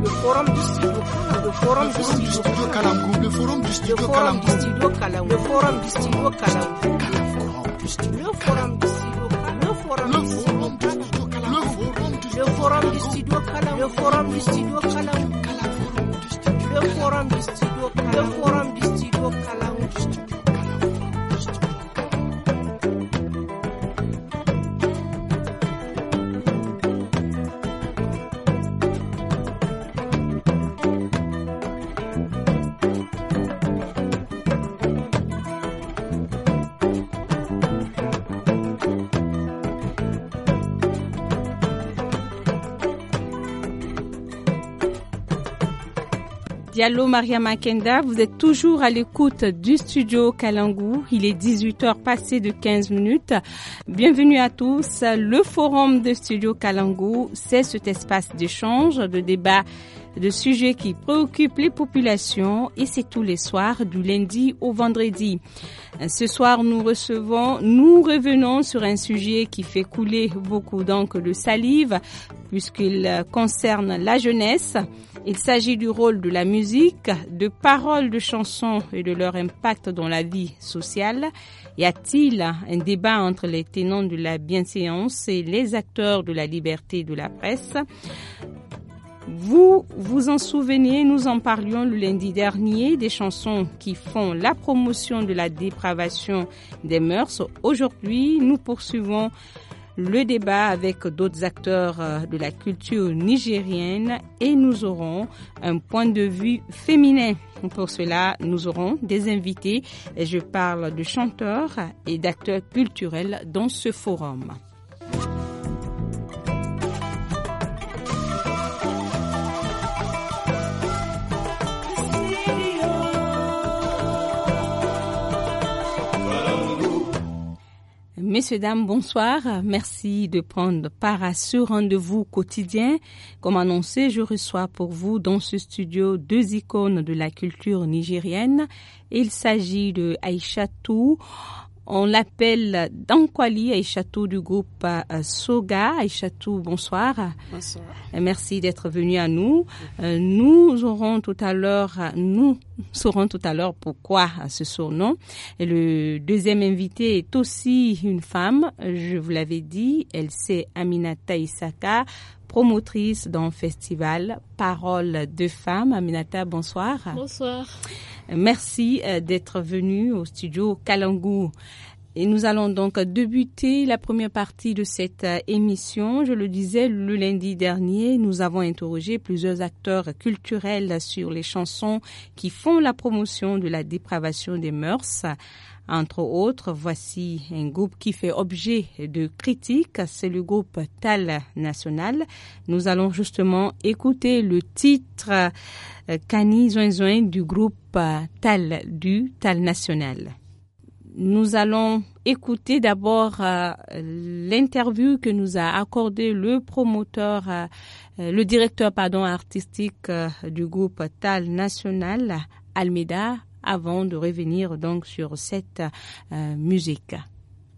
le forum du studio le forum du studio Calamgou le forum du studio Calamgou le forum du studio Calamgou le forum du studio le forum du studio le forum du studio le forum du studio le forum du studio le forum du studio le forum du studio Allô, Maria Makenda, vous êtes toujours à l'écoute du studio Kalangou. Il est 18h passé de 15 minutes. Bienvenue à tous. Le forum de studio Kalangou, c'est cet espace d'échange, de débat de sujets qui préoccupent les populations et c'est tous les soirs du lundi au vendredi. Ce soir, nous recevons, nous revenons sur un sujet qui fait couler beaucoup d'encre de salive puisqu'il concerne la jeunesse. Il s'agit du rôle de la musique, de paroles de chansons et de leur impact dans la vie sociale. Y a-t-il un débat entre les tenants de la bienséance et les acteurs de la liberté de la presse vous vous en souvenez, nous en parlions le lundi dernier des chansons qui font la promotion de la dépravation des mœurs. Aujourd'hui, nous poursuivons le débat avec d'autres acteurs euh, de la culture nigérienne et nous aurons un point de vue féminin. Pour cela, nous aurons des invités et je parle de chanteurs et d'acteurs culturels dans ce forum. Messieurs, dames, bonsoir. Merci de prendre part à ce rendez-vous quotidien. Comme annoncé, je reçois pour vous dans ce studio deux icônes de la culture nigérienne. Il s'agit de Aïcha Tou, on l'appelle Dankwali Château du groupe euh, Soga. Aïchatou, bonsoir. Bonsoir. Merci d'être venu à nous. Euh, nous aurons tout à l'heure, nous saurons tout à l'heure pourquoi ce surnom. Et le deuxième invité est aussi une femme. Je vous l'avais dit, elle c'est Aminata Isaka, promotrice d'un festival Parole de femmes. Aminata, bonsoir. Bonsoir. Merci euh, d'être venu au studio Kalangou. Et nous allons donc débuter la première partie de cette euh, émission. Je le disais le lundi dernier, nous avons interrogé plusieurs acteurs culturels sur les chansons qui font la promotion de la dépravation des mœurs. Entre autres, voici un groupe qui fait objet de critiques, c'est le groupe Tal National. Nous allons justement écouter le titre Cani euh, Zoin du groupe euh, Tal du Tal National nous allons écouter d'abord euh, l'interview que nous a accordé le promoteur, euh, euh, le directeur pardon artistique du groupe Tal National, Almeida, avant de revenir donc sur cette musique.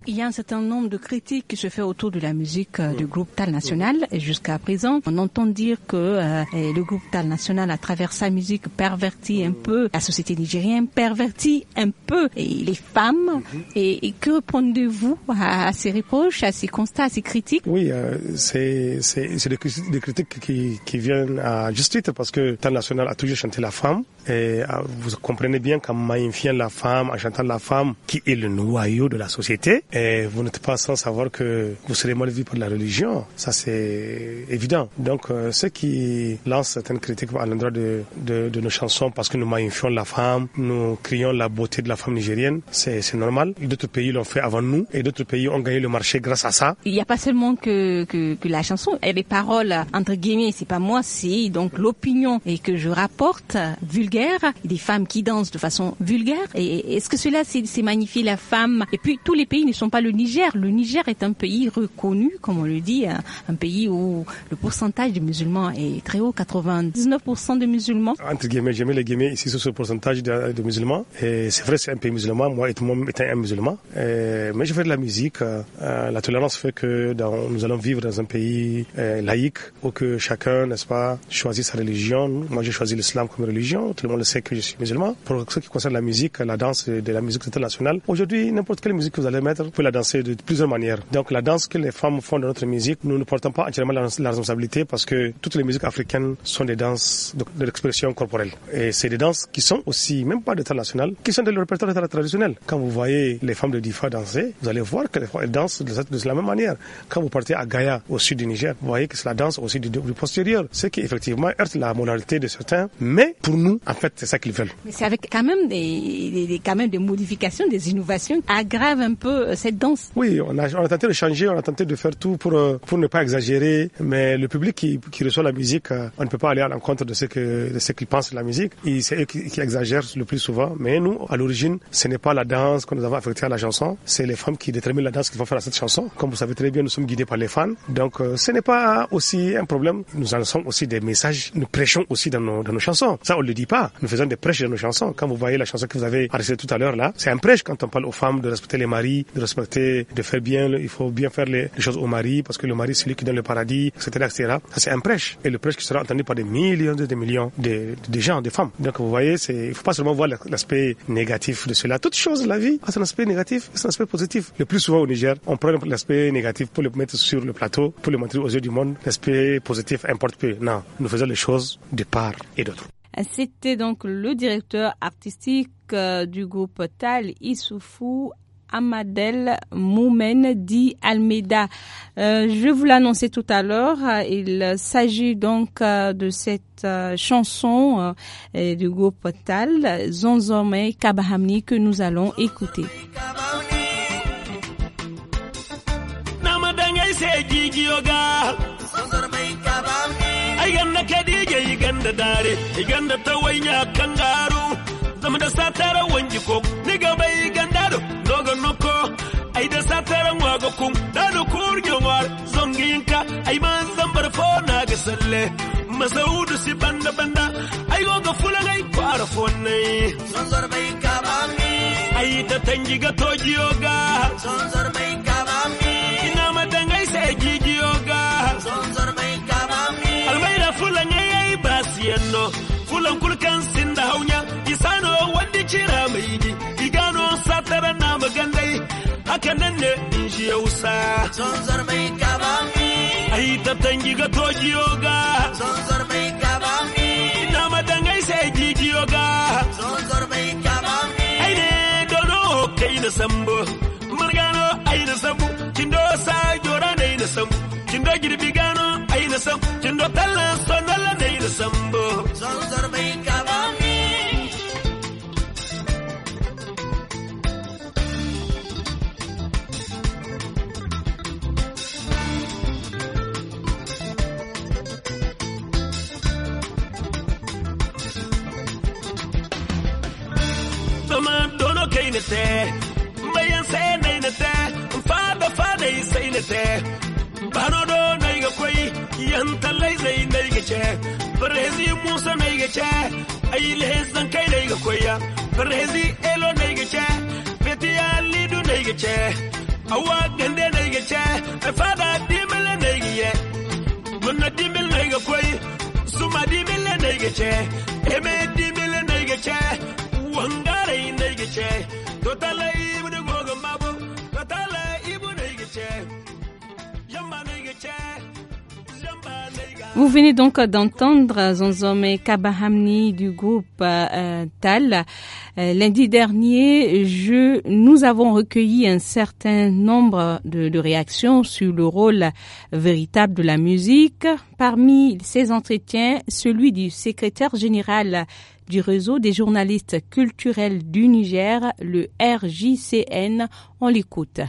Il y a un certain nombre de critiques qui se fait autour de la musique euh, du groupe Tal National et jusqu'à présent, on entend dire que euh, le groupe Tal National, à travers sa musique, pervertit un peu la société nigérienne, pervertit un peu les femmes. Mhm. Et, que répondez-vous à, ces reproches, à ces constats, à ces critiques Oui, euh, c'est des, critiques qui, viennent à juste titre parce que Tal National a toujours chanté la femme. Et vous comprenez bien qu'en magnifiant la femme, en chantant la femme, qui est le noyau de la société, et vous n'êtes pas sans savoir que vous serez mal vu par la religion. Ça, c'est évident. Donc, euh, ceux qui lancent certaines critiques à l'endroit de, de, de, nos chansons parce que nous magnifions la femme, nous crions la beauté de la femme nigérienne, c'est normal. D'autres pays l'ont fait avant nous et d'autres pays ont gagné le marché grâce à ça. Il n'y a pas seulement que, que, la chanson et les paroles, entre guillemets, c'est pas moi, c'est donc l'opinion et que je rapporte vulgaire, des femmes qui dansent de façon vulgaire. Et est-ce que cela, c'est magnifier la femme Et puis, tous les pays ne sont pas le Niger. Le Niger est un pays reconnu, comme on le dit, euh, un, pays où le pourcentage de musulmans est très haut, 99% de musulmans. Entre guillemets, j'ai les guillemets ici sur ce pourcentage de, musulmans. Et c'est vrai, c'est un pays musulman. Moi, moi étant un musulman, mais je fais de la musique. Euh, euh, la tolérance fait que dans, nous allons vivre dans un pays laïque où que chacun, n'est-ce pas, choisit sa religion. Moi, j'ai choisi l'islam comme religion. Tout le monde le sait que je suis musulman. Pour ce qui concerne la musique, la danse de la musique internationale, aujourd'hui, n'importe quelle musique que vous allez mettre, peut la danser de plusieurs manières. Donc la danse que les femmes font dans notre musique, nous ne portons pas entièrement la, responsabilité parce que toutes les musiques africaines sont des danses de, l'expression corporelle. Et c'est des danses qui sont aussi, même pas d'état national, qui sont de le répertoire d'état traditionnel. Quand vous voyez les femmes de Difa danser, vous allez voir que dansent de, dansent de, la même manière. Quand vous partez à Gaïa, au sud du Niger, vous voyez que c'est la danse aussi du, postérieur. Ce qui effectivement heurte la moralité de certains, mais pour nous, en fait, c'est ça qu'ils veulent. Mais c'est avec quand même des, quand même des modifications, des innovations, aggrave un peu euh, cette danse Oui, on a, tenté de changer, on a tenté de faire tout pour, euh, pour ne pas exagérer, mais le public qui, qui reçoit la musique, euh, on ne peut pas aller à l'encontre de ce que de ce qu'ils pensent de la musique. C'est eux qui, exagèrent le plus souvent, mais nous, à l'origine, ce n'est pas la danse que nous avons affectée à la chanson, c'est les femmes qui déterminent la danse qu'ils vont faire à cette chanson. Comme vous savez très bien, nous sommes guidés par les fans, donc euh, ce n'est pas aussi un problème. Nous en sommes aussi des messages, nous prêchons aussi dans nos, dans nos chansons. Ça, on le dit pas. Nous faisons des prêches dans nos chansons. Quand vous voyez la chanson que vous avez arrêté tout à l'heure là, c'est un prêche quand on parle aux femmes de respecter les maris, de respecter de faire bien, il faut bien faire les, choses au mari, parce que le mari, c'est lui qui donne le paradis, etc., etc. Ça, c'est un prêche. Et le prêche qui sera entendu par des millions, des millions de, gens, des femmes. Donc, vous voyez, c'est, il faut pas seulement voir l'aspect négatif de cela. Toute chose, la vie, c'est un aspect négatif, et un aspect positif. Le plus souvent au Niger, on prend l'aspect négatif pour le mettre sur le plateau, pour le montrer aux yeux du monde. L'aspect positif importe peu. Non, nous faisons les choses de part et d'autre. C'était donc le directeur artistique euh, du groupe Tal Issoufou Amadel Moumen dit Almeida. Euh, je vous l'annonçais tout à l'heure, il s'agit donc euh, de cette euh, chanson du groupe Tal, Zonzome Kabahamni, que nous allons écouter. zalle masaudu si banda banda ai goga fulanai kwara fonnai sonzor bai kabami ai ta tangi ga tojiyo ga sonzor bai kabami ina madangai se gigiyo ga sonzor bai kabami almaira fulanai ai basiyanno fulan kulkan sinda haunya isano wanda kira mai ni igano satara na magandai haka nan ne in ji yausa sonzor bai kabami ahita tangiga to giyoga zonzor mai gaba ina madangai sai gigiyoga zonzor mai gaba ai ne dodo kai na sambo murgano ai na sambo kindo sa jora ne na sambo kindo girbi gano ai na sambo kindo talla sonala man dono kai na te bayan sai nai na te fada fada sai te bano do nai ga koi yan talai zai nai ga ce farhezi musa nai ga ce ai lehzan kai nai ga koi ya farhezi elo nai ga ce fetiya lidu nai ga ce awa gande nai ga ce fada dimil nai ga ye munna dimil nai ga koi suma dimil nai ga ce eme dimil nai ga ce Vous venez donc d'entendre Zonzome Kabahamni du groupe euh, Tal. Euh, lundi dernier, je, nous avons recueilli un certain nombre de, de, réactions sur le rôle véritable de la musique. Parmi ces entretiens, celui du secrétaire général du réseau des journalistes culturels du Niger, le RJCN. On l'écoute.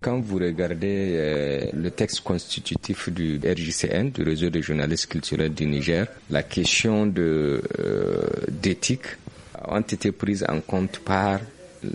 Quand vous regardez euh, le texte constitutif du RJCN, du réseau des journalistes culturels du Niger, la question de euh, d'éthique ont été prise en compte par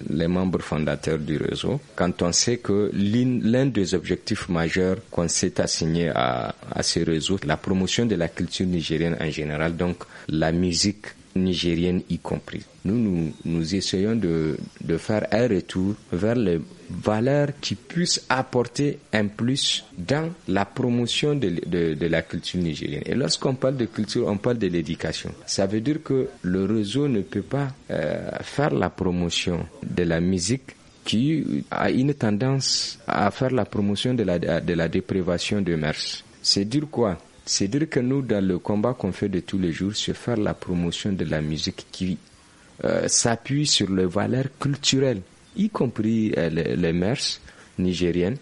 les membres fondateurs du réseau, quand on sait que l'un des objectifs majeurs qu'on s'est assigné à, à ce réseau, la promotion de la culture nigérienne en général, donc la musique, nigériennes y compris. Nous, nous, essayons de, de faire un retour vers les valeurs qui puissent apporter un plus dans la promotion de, de, la culture nigérienne. Et lorsqu'on parle de culture, on parle de l'éducation. Ça veut dire que le réseau ne peut pas euh, faire la promotion de la musique qui a une tendance à faire la promotion de la, de la de mers. C'est dire quoi c'est dire que nous, dans le combat qu'on fait de tous les jours, c'est faire la promotion de la musique qui euh, s'appuie sur les valeurs culturelles, y compris euh, les, mers nigériennes.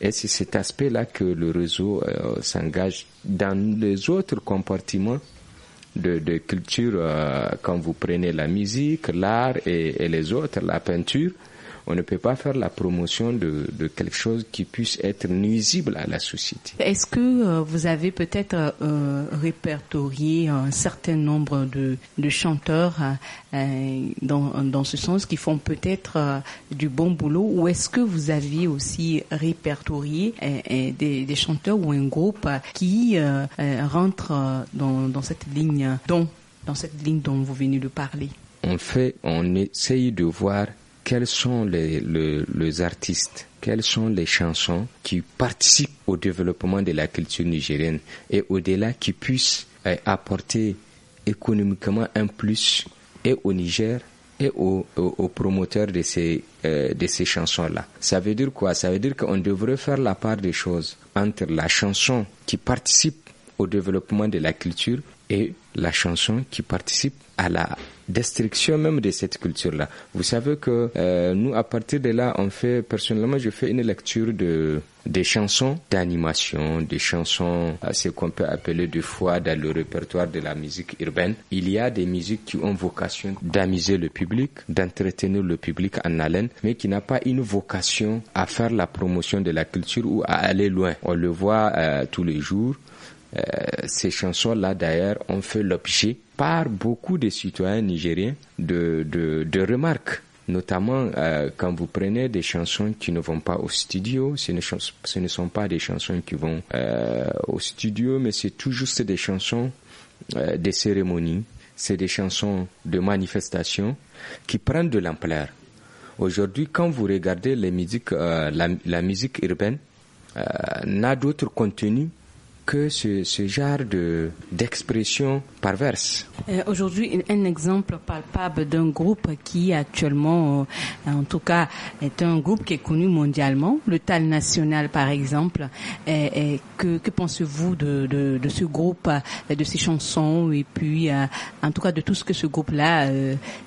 Et c'est cet aspect-là que le réseau euh, s'engage dans les autres compartiments de, culture, quand vous prenez la musique, l'art et les autres, la peinture on ne peut pas faire la promotion de, quelque chose qui puisse être nuisible à la société. Est-ce que euh, vous avez peut-être euh, euh, répertorié un certain nombre de, chanteurs dans, ce sens qui font peut-être du bon boulot ou est-ce que vous avez aussi répertorié des, chanteurs ou un groupe qui rentrent dans, cette ligne dont, dans cette ligne dont vous venez de parler on fait, on essaye de voir quels sont les, artistes, quelles sont les chansons qui participent au développement de la culture nigérienne et au-delà qui puissent eh, apporter économiquement un plus et au Niger et aux, promoteurs de ces, eh, de ces chansons-là. Ça veut dire quoi Ça veut dire qu'on devrait faire la part des choses entre la chanson qui participe au développement de la culture et la chanson qui participe à la destruction même de cette culture-là. Vous savez que euh, nous, à partir de là, on fait, personnellement, je fais une lecture de des chansons d'animation, des chansons, euh, ce qu'on peut appeler des fois dans le répertoire de la musique urbaine. Il y a des musiques qui ont vocation d'amuser le public, d'entretenir le public en haleine, mais qui n'a pas une vocation à faire la promotion de la culture ou à aller loin. On le voit euh, tous les jours. Euh, ces chansons-là, d'ailleurs, ont fait l'objet par beaucoup de citoyens nigériens de, de, remarques. Notamment euh, quand vous prenez des chansons qui ne vont pas au studio, ce ne, ce ne sont pas des chansons qui vont euh, au studio, mais c'est toujours des chansons des cérémonies, c'est des chansons de manifestation qui prennent de l'ampleur. Aujourd'hui, quand vous regardez les musiques, la, musique urbaine n'a d'autre contenu que ce, genre de, d'expression perverse. Euh, aujourd'hui, un exemple palpable d'un groupe qui actuellement, euh, en tout cas, est un groupe qui est connu mondialement, le Tal National par exemple. Et, que, pensez-vous de, ce groupe, euh, de ses chansons et puis, en tout cas, de tout ce que ce groupe-là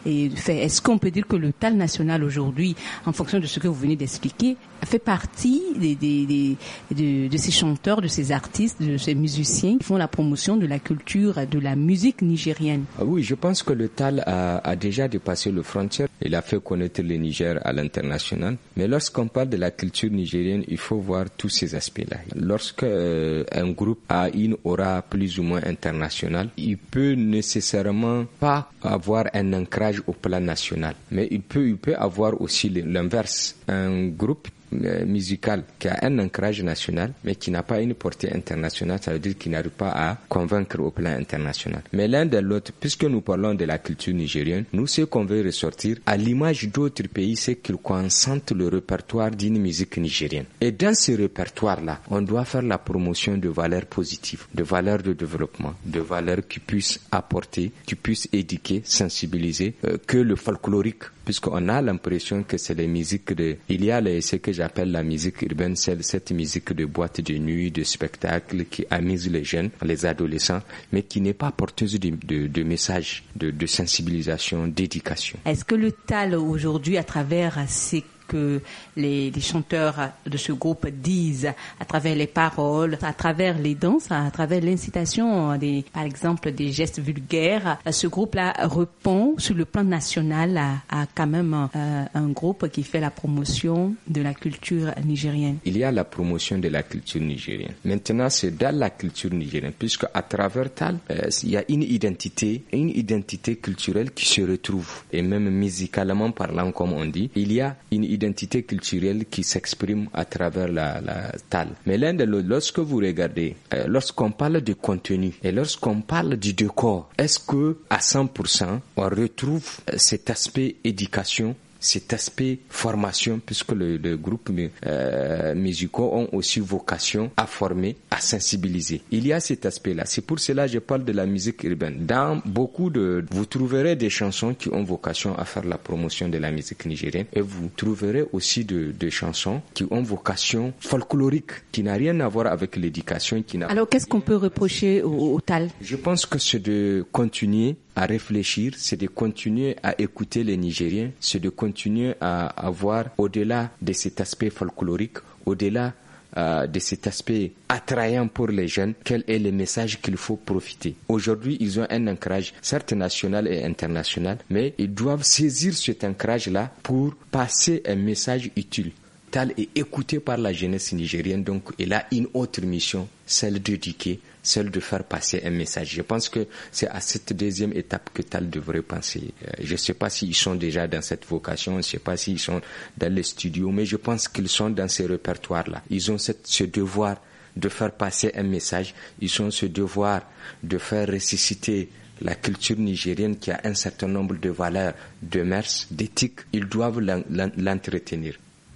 fait Est-ce qu'on peut dire que le Tal National aujourd'hui, en fonction de ce que vous venez d'expliquer, fait partie des, des, des de, ces chanteurs, de ces artistes, de ces musiciens qui font la promotion de la culture, de la musique nigérienne. Ah oui, je pense que le Tal a, déjà dépassé le frontière. Il a fait connaître le Niger à l'international. Mais lorsqu'on parle de la culture nigérienne, il faut voir tous ces aspects-là. Lorsque euh, un groupe a une aura plus ou moins internationale, il peut nécessairement pas avoir un ancrage au plan national. Mais il peut, il peut avoir aussi l'inverse. Un groupe euh, musical qui a un ancrage national, mais qui n'a pas une portée internationale, ça veut dire qu'il n'arrive pas à convaincre au plan international. Mais l'un de l'autre, puisque nous parlons de la culture nigérienne, nous, ce qu'on veut ressortir, à l'image d'autres pays, c'est qu'ils consentent le répertoire d'une musique nigérienne. Et dans ce répertoire-là, on doit faire la promotion de valeurs positives, de valeurs de développement, de valeurs qui puissent apporter, qui puissent éduquer, sensibiliser, euh, que le folklorique puisqu'on a l'impression que c'est les musiques de... Il y a ce que j'appelle la musique urbaine, c'est cette musique de boîte de nuit, de spectacle qui amuse les jeunes, les adolescents, mais qui n'est pas porteuse de, messages, de, de sensibilisation, d'éducation. Est-ce que le TAL aujourd'hui, à travers ces que les, chanteurs de ce groupe disent à travers les paroles, à travers les danses, à travers l'incitation des, par exemple, des gestes vulgaires. Ce groupe-là répond sur le plan national à, quand même euh, un groupe qui fait la promotion de la culture nigérienne. Il y a la promotion de la culture nigérienne. Maintenant, c'est dans la culture nigérienne, puisque à travers Tal, euh, il y a une identité, une identité culturelle qui se retrouve. Et même musicalement parlant, comme on dit, il y a une identité identité culturelle qui s'exprime à travers la, la Mais l'un de l'autre, lorsque vous regardez, euh, lorsqu'on parle de contenu et lorsqu'on parle du décor, est-ce que à 100% on retrouve euh, cet aspect éducation cet aspect formation, puisque le, groupe euh, musicaux ont aussi vocation à former, à sensibiliser. Il y a cet aspect-là. C'est pour cela que je parle de la musique urbaine. Dans beaucoup de, vous trouverez des chansons qui ont vocation à faire la promotion de la musique nigérienne et vous trouverez aussi des de chansons qui ont vocation folklorique, qui n'a rien à voir avec l'éducation. Qui n'a Alors qu'est-ce qu'on peut reprocher au, au TAL Je pense que c'est de continuer à réfléchir, c'est de continuer à écouter les Nigériens, c'est de continuer à, voir au-delà de cet aspect folklorique, au-delà euh, de cet aspect attrayant pour les jeunes, quel est le message qu'il faut profiter. Aujourd'hui, ils ont un ancrage, certes national et international, mais ils doivent saisir cet ancrage-là pour passer un message utile Tal est écouté par la jeunesse nigérienne, donc il a une autre mission, celle d'éduquer, celle de faire passer un message. Je pense que c'est à cette deuxième étape que Tal devrait penser. Euh, je ne sais pas s'ils sont déjà dans cette vocation, je ne sais pas s'ils sont dans les studios, mais je pense qu'ils sont dans ces répertoires-là. Ils ont ce devoir de faire passer un message, ils ont ce devoir de faire ressusciter la culture nigérienne qui a un certain nombre de valeurs, de mœurs, d'éthique. Ils doivent l'entretenir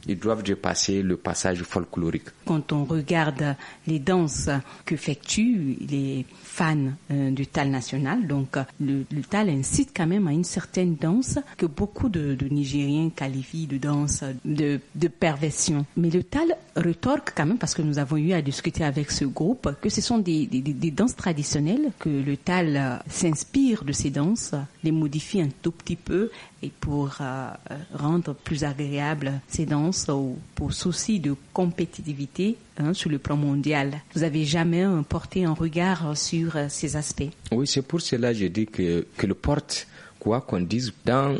ils doivent dépasser le passage folklorique. Quand on regarde les danses que qu'effectuent les Fans euh, du tal national. Donc, euh, le, tal incite quand même à une certaine danse que beaucoup de, Nigériens qualifient de danse de, perversion. Mais le tal retorque quand même, parce que nous avons eu à discuter avec ce groupe, que ce sont des, danses traditionnelles, que le tal euh, s'inspire de ces danses, les modifie un tout petit peu et pour rendre plus agréable ces danses ou pour souci de compétitivité Hein, sur le plan mondial. Vous n'avez jamais porté un regard sur euh, ces aspects. Oui, c'est pour cela que je dis que, que le porte, quoi qu'on dise, dans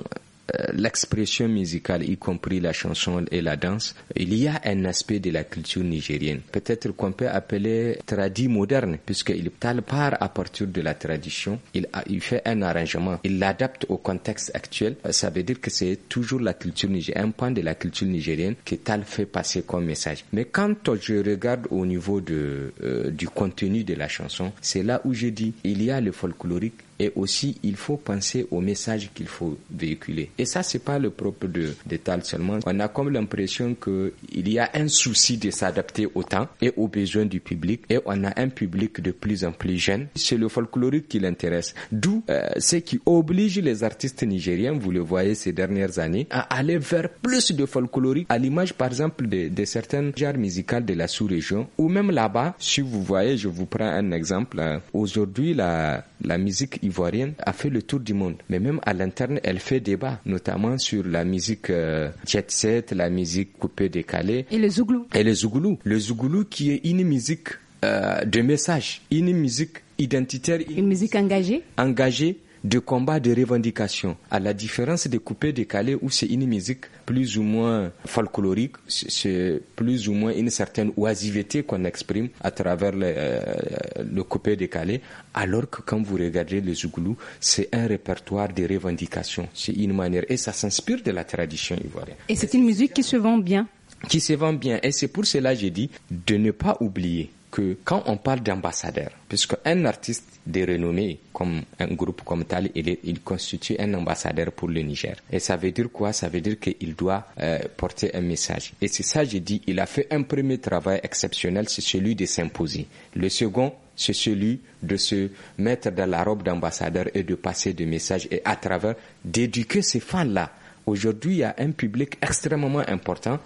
euh, l'expression musicale, y compris la chanson et la danse, il y a un aspect de la culture nigérienne. Peut-être qu'on peut appeler tradit moderne, puisqu'il part à partir de la tradition, il, a, fait un arrangement, il l'adapte au contexte actuel. Euh, ça veut dire que c'est toujours la culture nigérienne, un point de la culture nigérienne que Tal fait passer comme message. Mais quand je regarde au niveau de, euh, du contenu de la chanson, c'est là où je dis, il y a le folklorique, et aussi, il faut penser au message qu'il faut véhiculer. Et ça, c'est pas le propre de, de seulement. On a comme l'impression qu'il y a un souci de s'adapter au temps et aux besoins du public. Et on a un public de plus en plus jeune. C'est le folklorique qui l'intéresse. D'où euh, ce qui oblige les artistes nigériens, vous le voyez ces dernières années, à aller vers plus de folklorique, à l'image par exemple de, de certains genres musicaux de la sous-région, ou même là-bas, si vous voyez, je vous prends un exemple, hein. aujourd'hui la, la musique ivoirienne a fait le tour du monde. Mais même à l'interne, elle fait débat, notamment sur la musique euh, jet set, la musique coupée décalée. Et le zouglou. Et le zouglou. Le zouglou qui est une musique euh, de message, une musique identitaire. Une, une musique engagée. Engagée de combat de revendication. À la différence des coupés décalés où c'est une musique plus ou moins folklorique, c'est plus ou moins une certaine oisiveté qu'on exprime à travers le, euh, coupé décalé, alors que quand vous regardez les Zouglou, c'est un répertoire de revendication. C'est une manière, et ça s'inspire de la tradition ivoirienne. Et c'est une musique qui se vend bien qui se vend bien. Et c'est pour cela que j'ai dit de ne pas oublier que quand on parle d'ambassadeur, puisque un artiste de renommée comme un groupe comme tel, il, il constitue un ambassadeur pour le Niger. Et ça veut dire quoi Ça veut dire qu'il doit euh, porter un message. Et c'est ça, j'ai dit, il a fait un premier travail exceptionnel, c'est celui de s'imposer. Le second, c'est celui de se mettre dans la robe d'ambassadeur et de passer des messages et à travers d'éduquer ces fans-là. Aujourd'hui, il y a un public extrêmement important.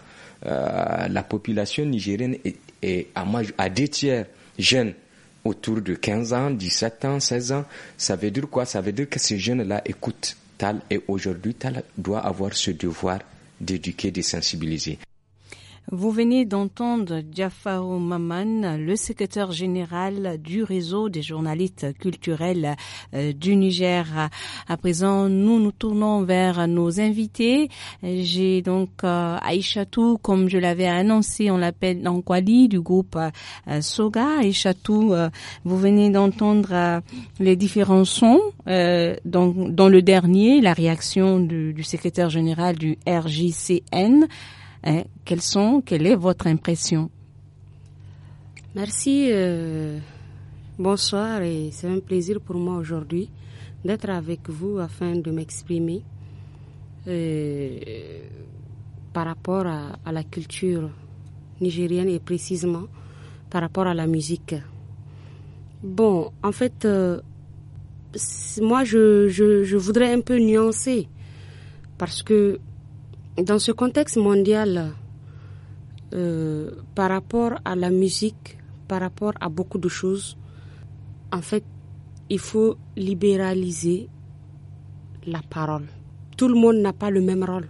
Euh, la population nigérienne est et à, à deux tiers jeunes autour de 15 ans, 17 ans, 16 ans. Ça veut dire quoi Ça veut dire que ces jeunes-là écoutent Tal et aujourd'hui Tal doit avoir ce devoir d'éduquer, de sensibiliser. Vous venez d'entendre Jafaro Maman, le secrétaire général du réseau des journalistes culturels euh, du Niger. À présent, nous nous tournons vers nos invités. J'ai donc euh, Aïchatou, comme je l'avais annoncé, on l'appelle Nankwali du groupe euh, Soga. Aïchatou, vous venez d'entendre les différents sons. Dans, dans, le dernier, la réaction du, du secrétaire général du RJCN. Hein? quelles sont, quelle est votre impression Merci. Euh, bonsoir et c'est un plaisir pour moi aujourd'hui d'être avec vous afin de m'exprimer euh, par rapport à, la culture nigérienne et précisément par rapport à la musique. Bon, en fait, euh, moi je, voudrais un peu nuancer parce que dans ce contexte mondial, euh, par rapport à la musique, par rapport à beaucoup de choses, en fait, il faut libéraliser la parole. Tout le monde n'a pas le même rôle.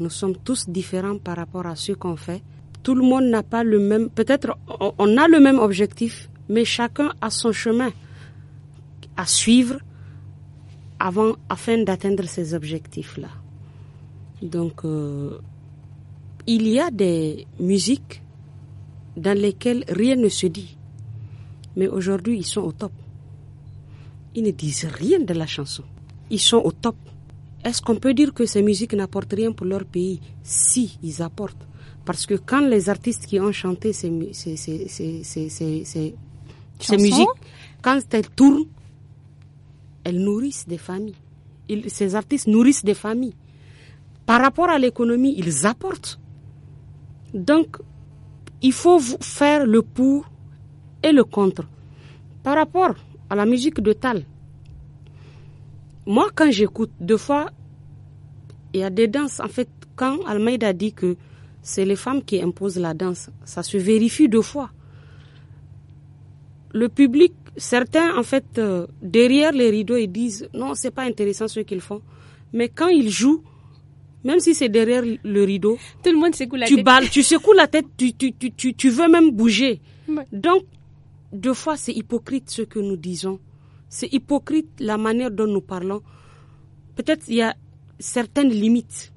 Nous sommes tous différents par rapport à ce qu'on fait. Tout le monde n'a pas le même. Peut-être on a le même objectif, mais chacun a son chemin à suivre afin d'atteindre ces objectifs-là. Donc, euh, il y a des musiques dans lesquelles rien ne se dit. Mais aujourd'hui, ils sont au top. Ils ne disent rien de la chanson. Ils sont au top. Est-ce qu'on peut dire que ces musiques n'apportent rien pour leur pays Si, ils apportent. Parce que quand les artistes qui ont chanté ces, musiques, quand elles tournent, elles nourrissent des familles. ces artistes nourrissent des familles. Par rapport à l'économie, ils apportent. Donc, il faut faire le pour et le contre. Par rapport à la musique de Tal, moi, quand j'écoute, deux fois, il y a des danses. En fait, quand Almeida dit que c'est les femmes qui imposent la danse, ça se vérifie deux fois. Le public, certains, en fait, euh, derrière les rideaux, ils disent non, c'est pas intéressant ce qu'ils font. Mais quand ils jouent, même si c'est derrière le rideau. Tout le monde secoue la tu tu secoues la tête, tu, veux même bouger. Donc, deux fois, c'est hypocrite ce que nous disons. C'est hypocrite la manière dont nous parlons. Peut-être il y a certaines limites.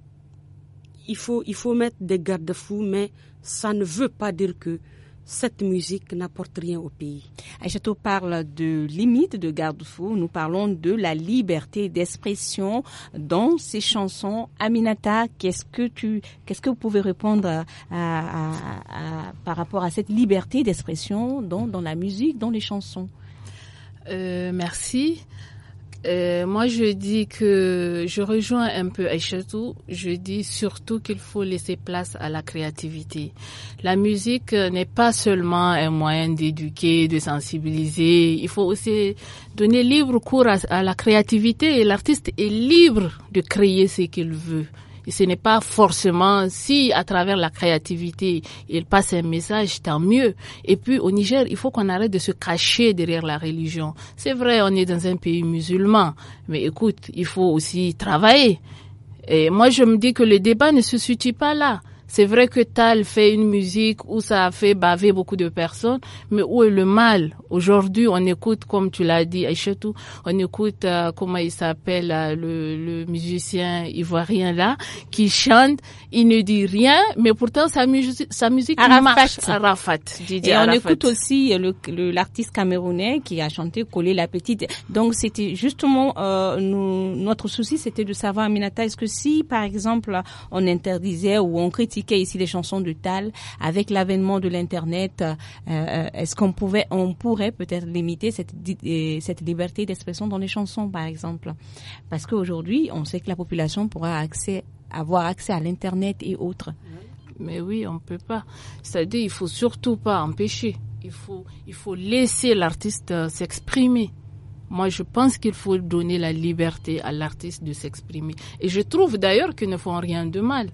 Il faut, il faut mettre des garde-fous, mais ça ne veut pas dire que cette musique n'apporte rien au pays. Aïchato parle de limites de garde-fou. Nous parlons de la liberté d'expression dans ces chansons. Aminata, qu'est-ce que tu, qu'est-ce que vous pouvez répondre par rapport à cette liberté d'expression dans, dans, la musique, dans les chansons? Euh, merci. Euh, moi, je dis que je rejoins un peu Aïchatou. Je dis surtout qu'il faut laisser place à la créativité. La musique n'est pas seulement un moyen d'éduquer, de sensibiliser. Il faut aussi donner libre cours à la créativité et l'artiste est libre de créer ce qu'il veut ce n'est pas forcément si à travers la créativité il passe un message, tant mieux. Et puis au Niger, il faut qu'on arrête de se cacher derrière la religion. C'est vrai, on est dans un pays musulman, mais écoute, il faut aussi travailler. Et moi, je me dis que le débat ne se situe pas là. C'est vrai que Tal fait une musique où ça a fait baver beaucoup de personnes, mais où est le mal Aujourd'hui, on écoute, comme tu l'as dit, Aïchetou, on écoute, euh, comment il s'appelle, euh, le, le, musicien ivoirien là, qui chante, il ne dit rien, mais pourtant sa, musique sa musique Arafat. marche. Arafat, Et on écoute aussi euh, l'artiste camerounais qui a chanté Coller la petite. Donc c'était justement, euh, nous, notre souci, c'était de savoir, Aminata, est-ce que si, par exemple, on interdisait ou on critiquait ici les chansons de Tal. Avec l'avènement de l'Internet, euh, euh, est-ce qu'on pouvait, on pourrait peut-être limiter euh, cette, liberté d'expression dans les chansons, par exemple Parce qu'aujourd'hui, on sait que la population pourra accès, avoir accès à l'Internet et autres. Mais oui, on ne peut pas. C'est-à-dire, il faut surtout pas empêcher. Il faut, il faut laisser l'artiste s'exprimer. Moi, je pense qu'il faut donner la liberté à l'artiste de s'exprimer. Et je trouve d'ailleurs qu'ils ne font rien de mal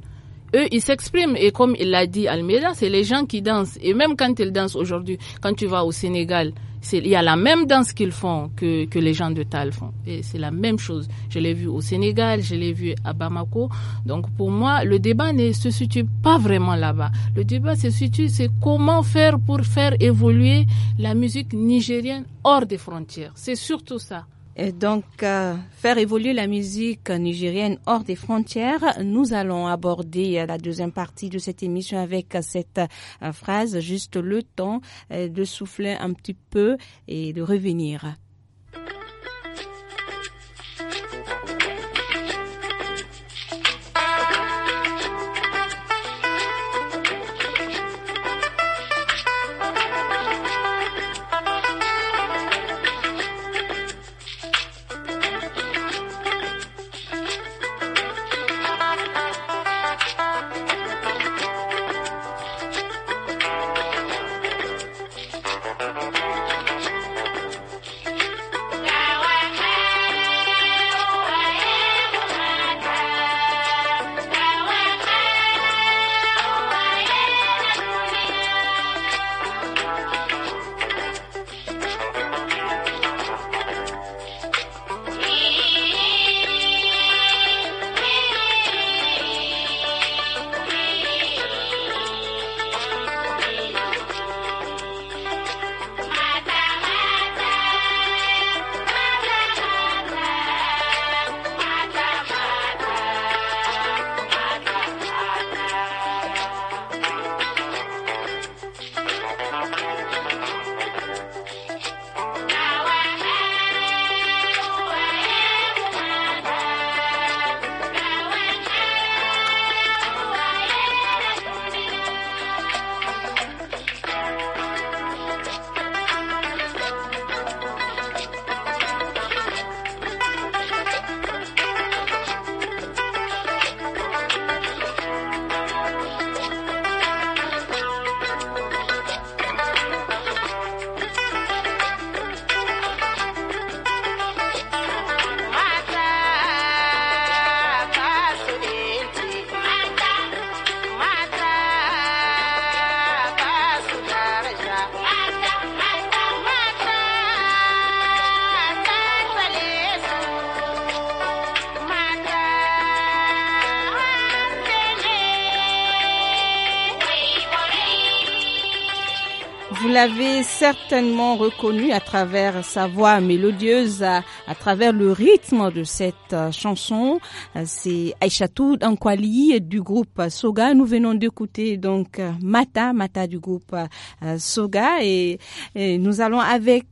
eux, ils s'expriment. Et comme il l'a dit Almeida, c'est les gens qui dansent. Et même quand ils dansent aujourd'hui, quand tu vas au Sénégal, il y a la même danse qu'ils font que, que les gens de Tal font. Et c'est la même chose. Je l'ai vu au Sénégal, je l'ai vu à Bamako. Donc pour moi, le débat ne se situe pas vraiment là-bas. Le débat se situe, c'est comment faire pour faire évoluer la musique nigérienne hors des frontières. C'est surtout ça donc, euh, faire évoluer la musique nigérienne hors des frontières, nous allons aborder la deuxième partie de cette émission avec cette euh, phrase, juste le temps euh, de souffler un petit peu et de revenir. avait certainement reconnu à travers sa voix mélodieuse, à, travers le rythme de cette euh, chanson. Euh, c'est Aïchatou Dankwali du groupe Soga. Nous venons d'écouter donc euh, Mata, Mata du groupe Soga et, nous allons avec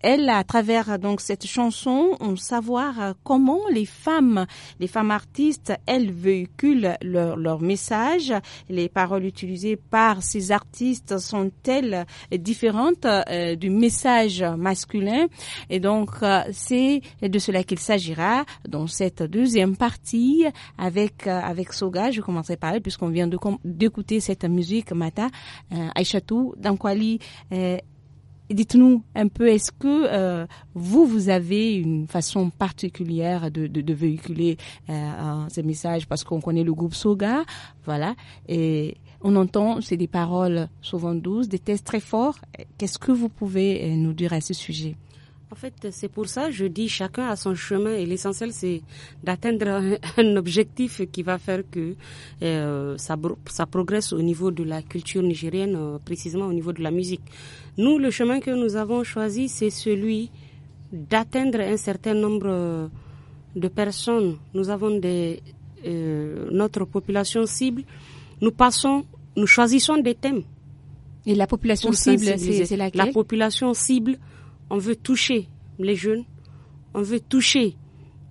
elle à travers donc cette chanson savoir comment les femmes, les femmes artistes, elles véhiculent leur, leur message. Les paroles utilisées par ces artistes sont-elles différente euh, du message masculin. Et donc, euh, c'est de cela qu'il s'agira dans cette deuxième partie avec euh, avec Soga. Je commencerai par elle puisqu'on vient d'écouter cette musique Mata Aïchatou Dankwali. Dites-nous un peu, est-ce que vous, vous avez une façon particulière de, de, véhiculer ce ces messages parce qu'on connaît le groupe Soga, voilà, et on entend, c'est des paroles souvent douces, des tests très forts. Qu'est-ce que vous pouvez euh, nous dire à ce sujet en fait, c'est pour ça que je dis chacun a son chemin et l'essentiel c'est d'atteindre un, objectif qui va faire que euh, ça, progresse au niveau de la culture nigérienne, euh, précisément au niveau de la musique. Nous, le chemin que nous avons choisi, c'est celui d'atteindre un certain nombre de personnes. Nous avons notre population cible nous passons, nous choisissons des thèmes. Et la population cible, c'est laquelle La population cible, on veut toucher les jeunes, on veut toucher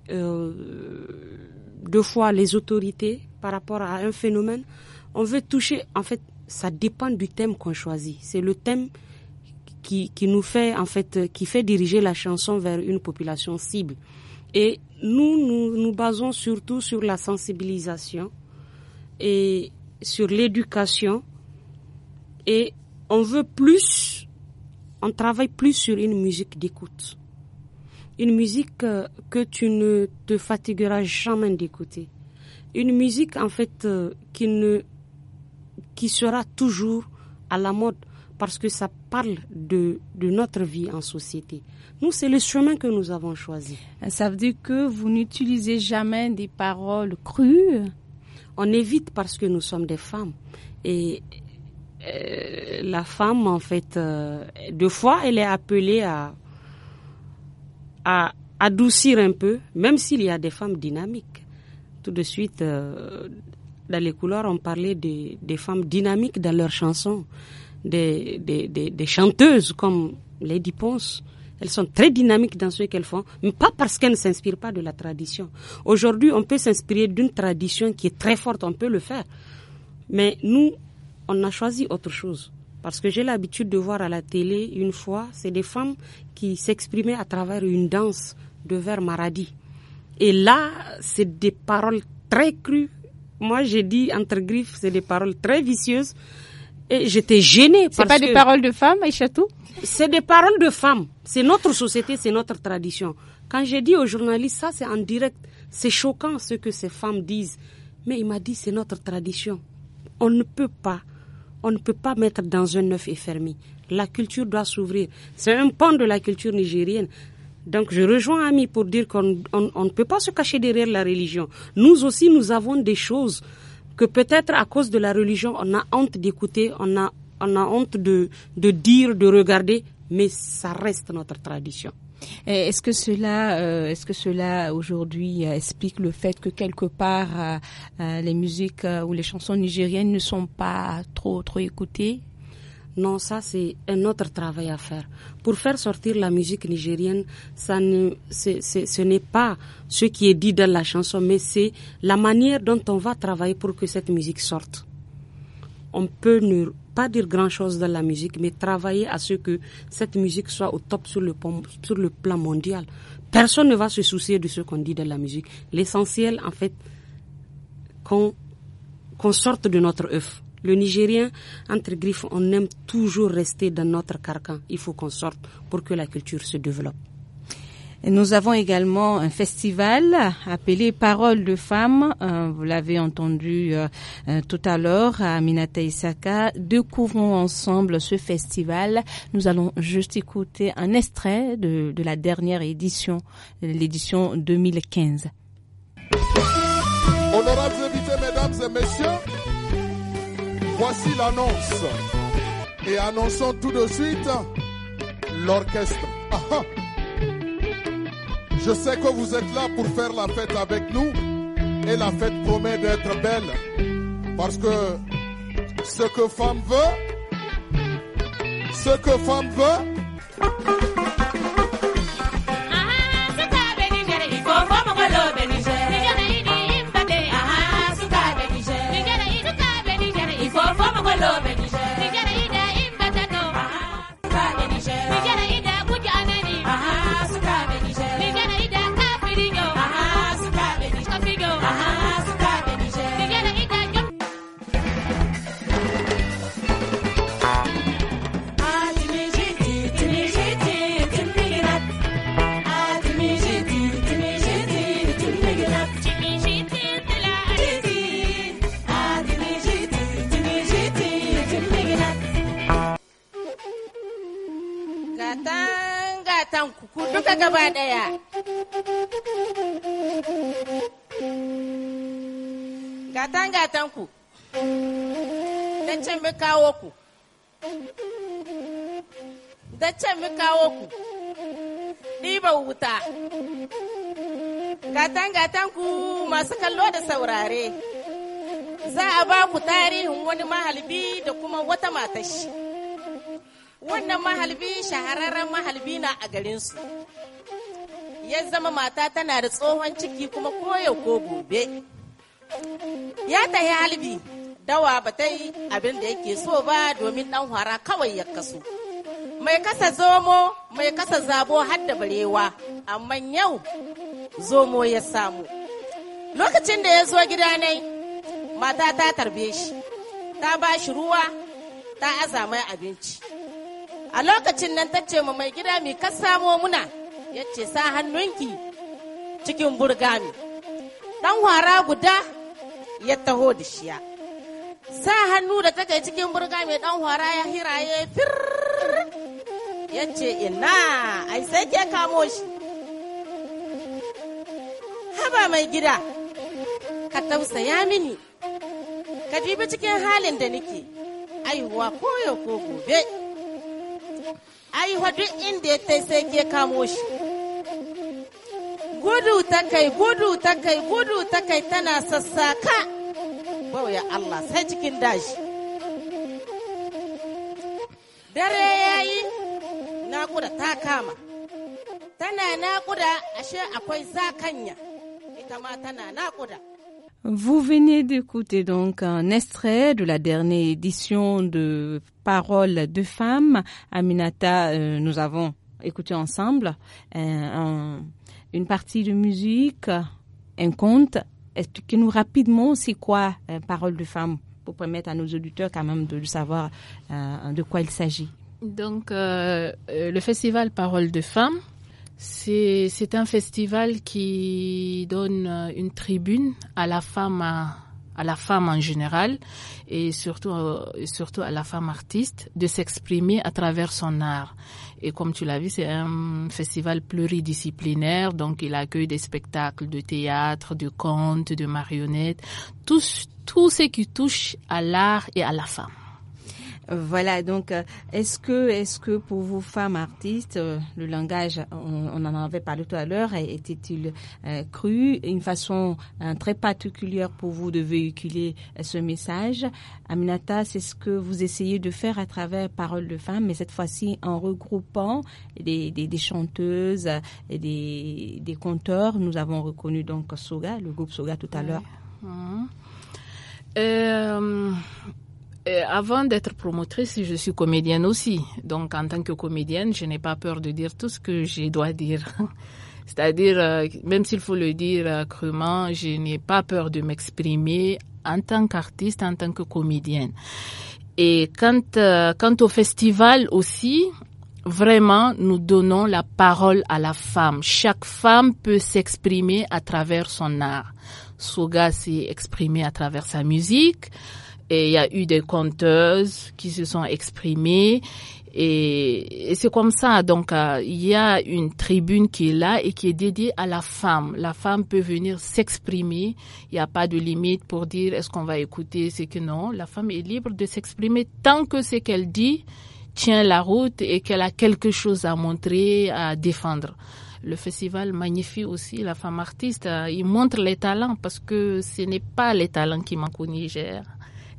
euh, deux fois les autorités par rapport à un phénomène. On veut toucher, en fait, ça dépend du thème qu'on choisit. C'est le thème qui, qui, nous fait, en fait, qui fait diriger la chanson vers une population cible. Et nous, nous nous basons surtout sur la sensibilisation et sur l'éducation et on veut plus, on travaille plus sur une musique d'écoute. Une musique euh, que tu ne te fatigueras jamais d'écouter. Une musique en fait euh, qui ne qui sera toujours à la mode parce que ça parle de, de notre vie en société. Nous, c'est le chemin que nous avons choisi. Ça veut dire que vous n'utilisez jamais des paroles crues on évite parce que nous sommes des femmes. Et euh, la femme, en fait, euh, deux fois, elle est appelée à, adoucir un peu, même s'il y a des femmes dynamiques. Tout de suite, euh, dans les couleurs, on parlait des, femmes dynamiques dans leurs chansons, des, des, chanteuses comme Lady Ponce. Elles sont très dynamiques dans ce qu'elles font, mais pas parce qu'elles ne s'inspirent pas de la tradition. Aujourd'hui, on peut s'inspirer d'une tradition qui est très forte, on peut le faire. Mais nous, on a choisi autre chose. Parce que j'ai l'habitude de voir à la télé, une fois, c'est des femmes qui s'exprimaient à travers une danse de vers maradi. Et là, c'est des paroles très crues. Moi, j'ai dit entre griffes, c'est des paroles très vicieuses et j'étais gênée. C'est pas des paroles de femmes, Aïchatou C'est des paroles de femmes. C'est notre société, c'est notre tradition. Quand j'ai dit aux journalistes, ça c'est en direct, c'est choquant ce que ces femmes disent. Mais il m'a dit, c'est notre tradition. On ne peut pas, on ne peut pas mettre dans un œuf fermer. La culture doit s'ouvrir. C'est un pan de la culture nigérienne. Donc je rejoins Ami pour dire qu'on ne peut pas se cacher derrière la religion. Nous aussi, nous avons des choses que peut-être à cause de la religion, on a honte d'écouter, on a, on a honte de, de dire, de regarder, mais ça reste notre tradition. Est-ce que cela, euh, est-ce que cela aujourd'hui euh, explique le fait que quelque part euh, les musiques ou les chansons nigériennes ne sont pas trop trop écoutées non, ça c'est un autre travail à faire. Pour faire sortir la musique nigérienne, ça ce n'est pas ce qui est dit dans la chanson, mais c'est la manière dont on va travailler pour que cette musique sorte. On peut ne pas dire grand-chose dans la musique, mais travailler à ce que cette musique soit au top sur le, plan mondial. Personne ne va se soucier de ce qu'on dit dans la musique. L'essentiel, en fait, qu'on sorte de notre œuf le Nigérien, entre griffes, on aime toujours rester dans notre carcan. Il faut qu'on sorte pour que la culture se développe. nous avons également un festival appelé Parole de femmes. Euh, vous l'avez entendu euh, euh, tout à l'heure à Minata Isaka. Découvrons ensemble ce festival. Nous allons juste écouter un extrait de, de la dernière édition, l'édition 2015. Honorables invités, mesdames et messieurs, Voici l'annonce. Et annonçons tout de suite l'orchestre. Ah, ah. je sais que vous êtes là pour faire la fête avec nous et la fête promet d'être belle parce que ce que femme veut, ce que femme veut, kawo ku da can mu kawo ku ba wuta gatan-gatan ku masu kallo da saurare za a ba ku tarihin wani mahalbi da kuma wata matashi wannan mahalbi shahararren mahalbi na a garinsu ya zama mata tana da tsohon ciki kuma koyau ko gobe ya tahi halbi dawa ba ta yi abin da yake so ba domin ɗan hara kawai ya kasu. Mai kasa zomo, mai kasa zabo har da barewa, amma yau zomo ya samu. Lokacin da ya zo gida nai, mata ta tarbe shi, ta ba shi ruwa, ta aza mai abinci. A lokacin nan ta ce ma mai gida mai kasa muna, ya ce sa hannunki cikin burgami. Ɗan hara guda ya taho da shiya. sa hannu da ta kai cikin burga mai dan hora ya hiraye fir ya ce ina ai sai ke kamo shi haba mai gida ka tausaya mini ka jibi cikin halin da nake aihuwa koyo ko gobe aihuwa duk inda ya tai sai ke kamo shi gudu ta kai gudu ta kai gudu ta kai tana sassaka Vous venez d'écouter donc un extrait de la dernière édition de Paroles de femmes. Aminata, euh, nous avons écouté ensemble euh, une partie de musique, un conte Expliquez-nous rapidement c'est quoi euh, Parole de femme pour permettre à nos auditeurs quand même de, savoir euh, de quoi il s'agit. Donc euh, le festival Parole de Femme, c'est un festival qui donne une tribune à la femme à à la femme en général et surtout euh, surtout à la femme artiste de s'exprimer à travers son art. Et comme tu l'as vu, c'est un festival pluridisciplinaire, donc il accueille des spectacles de théâtre, de contes, de marionnettes, tout ce qui touche à l'art et à la femme. Voilà, donc euh, est-ce que, est que pour vous, femmes artistes, euh, le langage, on, en avait parlé tout à l'heure, était-il euh, cru Une façon très particulière pour vous de véhiculer ce message. Aminata, c'est ce que vous essayez de faire à travers Paroles de femmes, mais cette fois-ci en regroupant des, chanteuses et des, conteurs. Nous avons reconnu donc Soga, le groupe Soga tout à l'heure. Hein. Euh, avant d'être promotrice, je suis comédienne aussi. Donc, en tant que comédienne, je n'ai pas peur de dire tout ce que je dois dire. C'est-à-dire, euh, même s'il faut le dire euh, crûment, je n'ai pas peur de m'exprimer en tant qu'artiste, en tant que comédienne. Et quant, quant au festival aussi, vraiment, nous donnons la parole à la femme. Chaque femme peut s'exprimer à travers son art. Soga s'est exprimé à travers sa musique. Et il y a eu des conteuses qui se sont exprimées. Et, c'est comme ça. Donc, euh, il y a une tribune qui est là et qui est dédiée à la femme. La femme peut venir s'exprimer. Il n'y a pas de limite pour dire est-ce qu'on va écouter, c'est que non. La femme est libre de s'exprimer tant que ce qu'elle dit tient la route et qu'elle a quelque chose à montrer, à défendre. Le festival magnifie aussi la femme artiste. Euh, il montre les talents parce que ce n'est pas les talents qui manquent au Niger.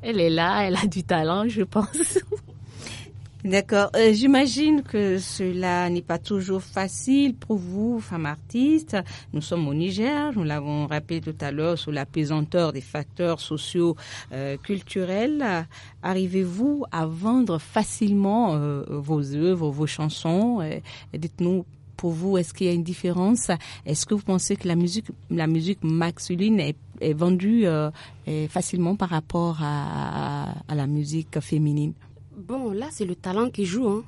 Elle est là, elle a du talent, je pense. D'accord. Euh, j'imagine que cela n'est pas toujours facile pour vous, femme artiste. Nous sommes au Niger, nous l'avons rappelé tout à l'heure, sous la pesanteur des facteurs sociaux, euh, culturels. Arrivez-vous à vendre facilement euh, vos œuvres, vos chansons Dites-nous pour vous, est-ce qu'il y a une différence Est-ce que vous pensez que la musique, la musique est est vendue euh, facilement par rapport à, la musique féminine Bon, là, c'est le talent qui joue. Hein.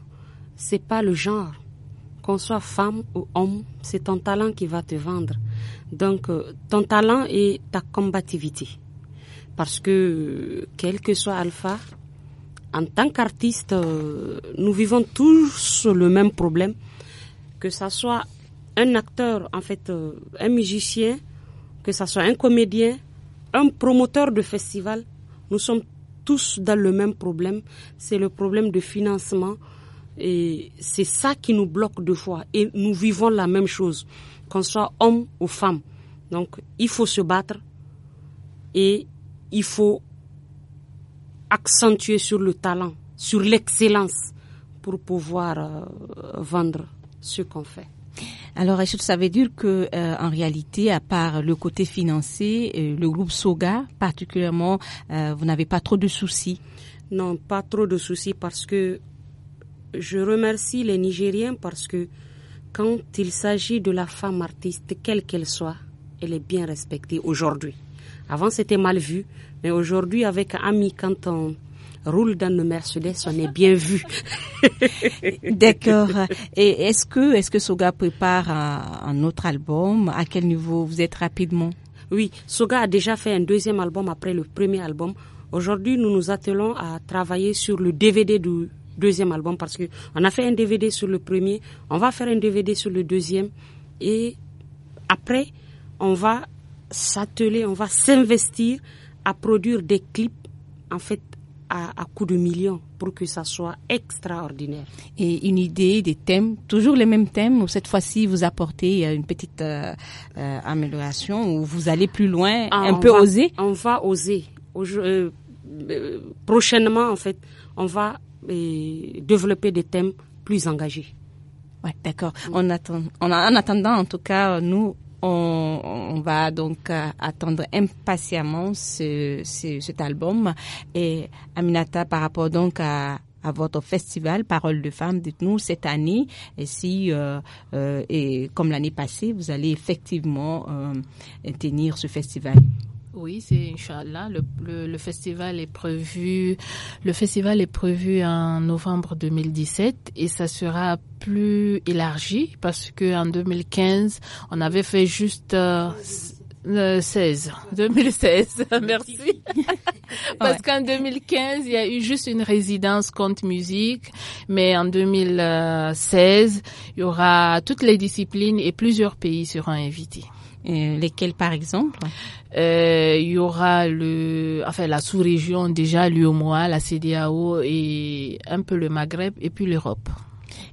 C'est pas le genre. Qu'on soit femme ou homme, c'est ton talent qui va te vendre. Donc, euh, ton talent et ta combativité. Parce que, quel que soit Alpha, en tant qu'artiste, euh, nous vivons tous le même problème. Que ça soit un acteur, en fait, un musicien, que ce soit un comédien, un promoteur de festival, nous sommes tous dans le même problème, c'est le problème de financement et c'est ça qui nous bloque deux fois et nous vivons la même chose, qu'on soit homme ou femme. Donc il faut se battre et il faut accentuer sur le talent, sur l'excellence pour pouvoir euh, vendre ce qu'on fait. Alors, ça veut dire que, euh, en réalité, à part le côté financier, euh, le groupe Soga, particulièrement, euh, vous n'avez pas trop de soucis. Non, pas trop de soucis parce que je remercie les Nigériens parce que quand il s'agit de la femme artiste, quelle qu'elle soit, elle est bien respectée aujourd'hui. Avant, c'était mal vu, mais aujourd'hui, avec Ami, quand on roule dans le Mercedes, on est bien vu. D'accord. Et est-ce que, est-ce que Soga prépare euh, un, autre album À quel niveau vous êtes rapidement Oui, Soga a déjà fait un deuxième album après le premier album. Aujourd'hui, nous nous attelons à travailler sur le DVD du deuxième album parce que on a fait un DVD sur le premier, on va faire un DVD sur le deuxième et après on va s'atteler, on va s'investir à produire des clips en fait à, à coups de millions pour que ça soit extraordinaire. Et une idée, des thèmes, toujours les mêmes thèmes, ou cette fois-ci vous apportez euh, une petite euh, euh, amélioration, ou vous allez plus loin, ah, un peu oser On va oser. prochainement, en fait, on va développer des thèmes plus engagés. Ouais, d'accord. on attend, en, attendant, en tout cas, nous, on, va donc euh, attendre impatiemment cet album. Et Aminata, par rapport donc à, votre festival Parole de femmes. Dites-nous cette année et si, euh, euh, et comme l'année passée, vous allez effectivement tenir ce festival. Oui, c'est Inch'Allah. Le, festival est prévu, le festival est prévu en novembre 2017 et ça sera plus élargi parce que en 2015, on avait fait juste 16, euh, 2016, euh, merci. Parce qu'en 2015, il y a eu juste une résidence compte musique, mais en 2016, il y aura toutes les disciplines et plusieurs pays seront invités lesquels par exemple euh, Il y aura le, enfin la sous-région déjà, l'UOMOA, la CDAO et un peu le Maghreb et puis l'Europe.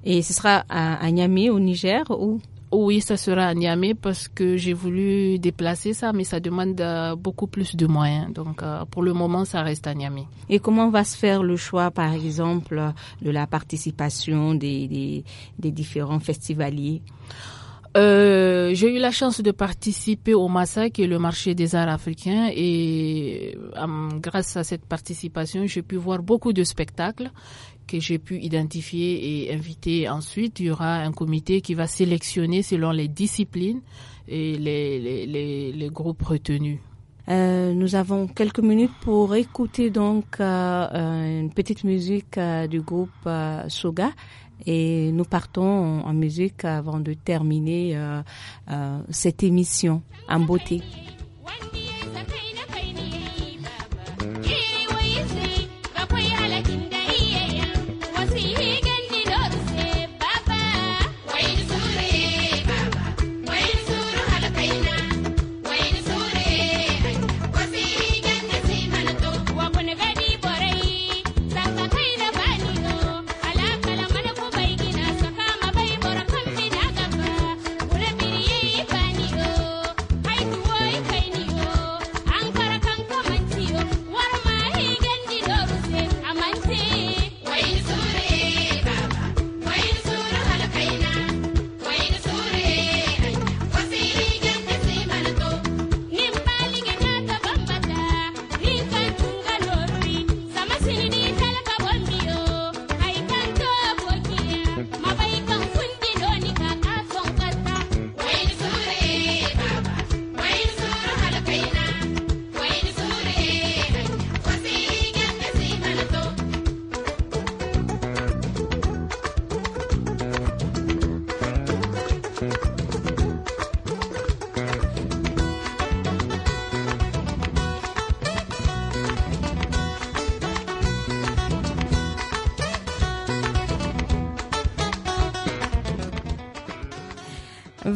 Et ce sera à, Niamey au Niger ou oui, ça sera à Niamey parce que j'ai voulu déplacer ça, mais ça demande euh, beaucoup plus de moyens. Donc, euh, pour le moment, ça reste à Niamey. Et comment va se faire le choix, par exemple, de la participation des, des, des différents festivaliers euh, j'ai eu la chance de participer au massacre et le marché des arts africains et euh, grâce à cette participation, j'ai pu voir beaucoup de spectacles que j'ai pu identifier et inviter. Ensuite, il y aura un comité qui va sélectionner selon les disciplines et les, groupes retenus. Euh, nous avons quelques minutes pour écouter donc une petite musique du groupe Soga et nous partons en, musique avant de terminer euh, euh, cette émission en beauté.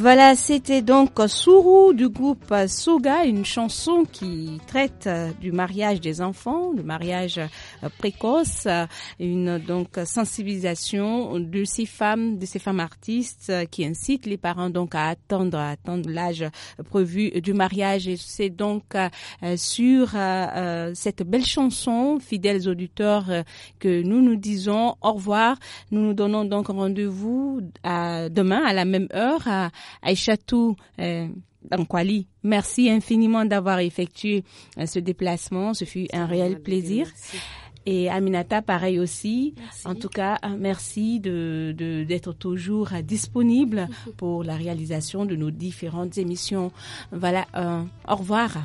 Voilà, c'était donc Sourou du groupe Soga, une chanson qui traite du mariage des enfants, le mariage précoce, euh, une donc sensibilisation de ces femmes, de ces femmes artistes euh, qui incitent les parents donc à attendre, attendre l'âge prévu du mariage. Et c'est donc euh, sur cette belle chanson, fidèles auditeurs, que nous nous disons au revoir. Nous nous donnons donc rendez-vous demain à la même heure à Aïchatou. Kuali. merci infiniment d'avoir effectué ce déplacement. Ce fut un réel plaisir. Et Aminata, pareil aussi. En tout cas, euh, merci d'être de, toujours euh, disponible pour la réalisation de nos différentes émissions. Voilà, euh, au revoir.